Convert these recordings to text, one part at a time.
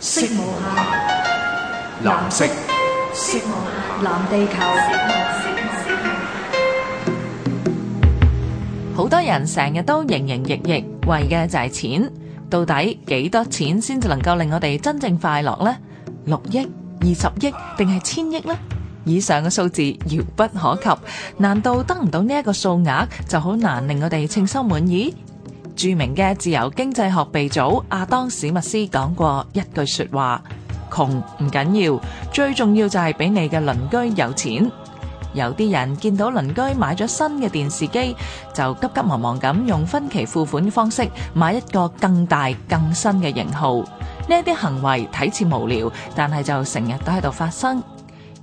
色無暇藍色，色下，藍地球。好多人成日都營營役役，為嘅就係錢。到底幾多錢先至能夠令我哋真正快樂呢？六億、二十億定係千億呢？以上嘅數字遙不可及，難道得唔到呢一個數額就好難令我哋稱心滿意？著名嘅自由經濟學鼻祖阿當史密斯講過一句説話：窮唔緊要，最重要就係俾你嘅鄰居有錢。有啲人見到鄰居買咗新嘅電視機，就急急忙忙咁用分期付款方式買一個更大、更新嘅型號。呢啲行為睇似無聊，但係就成日都喺度發生。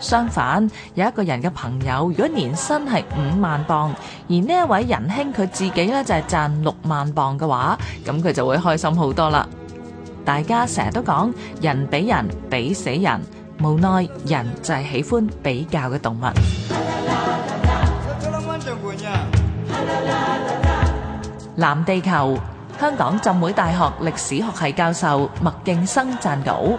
相反，有一個人嘅朋友，如果年薪係五萬磅，而呢一位仁兄佢自己咧就係賺六萬磅嘅話，咁佢就會開心好多啦。大家成日都講人比人比死人，無奈人就係喜歡比較嘅動物。藍地球，香港浸會大學歷史學系教授麥勁生撰稿。